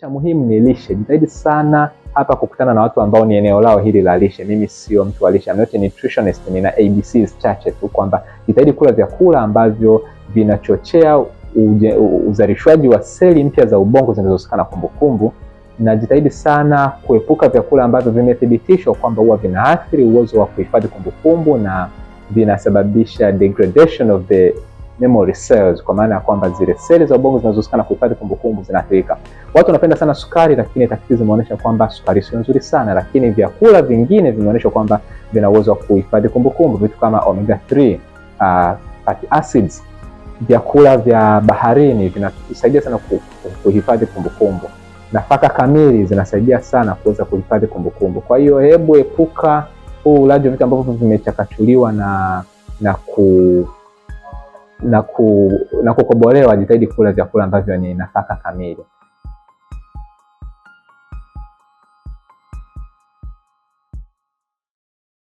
Cha muhimu ni lishe. Jitahidi sana hapa kukutana na watu ambao ni eneo lao hili la lishe. Mimi sio mtu wa lishe, I'm not a nutritionist, nina ABCs chache tu, kwamba jitahidi kula vyakula ambavyo vinachochea uzalishwaji wa seli mpya za ubongo zinazohusikana na kumbukumbu, na jitahidi sana kuepuka vyakula ambavyo vimethibitishwa kwamba huwa vinaathiri uwezo wa kuhifadhi kumbukumbu na vinasababisha degradation of the memory cells, kwa maana ya kwamba zile seli za ubongo zinazohusika na kuhifadhi kumbukumbu zinaathirika. Watu wanapenda sana sukari, lakini tafiti zimeonyesha kwamba sukari sio nzuri sana, lakini vyakula vingine vimeonyeshwa kwamba vina uwezo wa kuhifadhi kumbukumbu, vitu kama omega 3 uh, ah, fatty acids. Vyakula vya baharini vinasaidia sana kuhifadhi kumbukumbu. Nafaka kamili zinasaidia sana kuweza kuhifadhi kumbukumbu. Kwa hiyo hebu epuka huu ulaji wa vitu ambavyo vimechakachuliwa na na ku na, ku, na kukobolewa, jitahidi kula vyakula ambavyo ni nafaka kamili.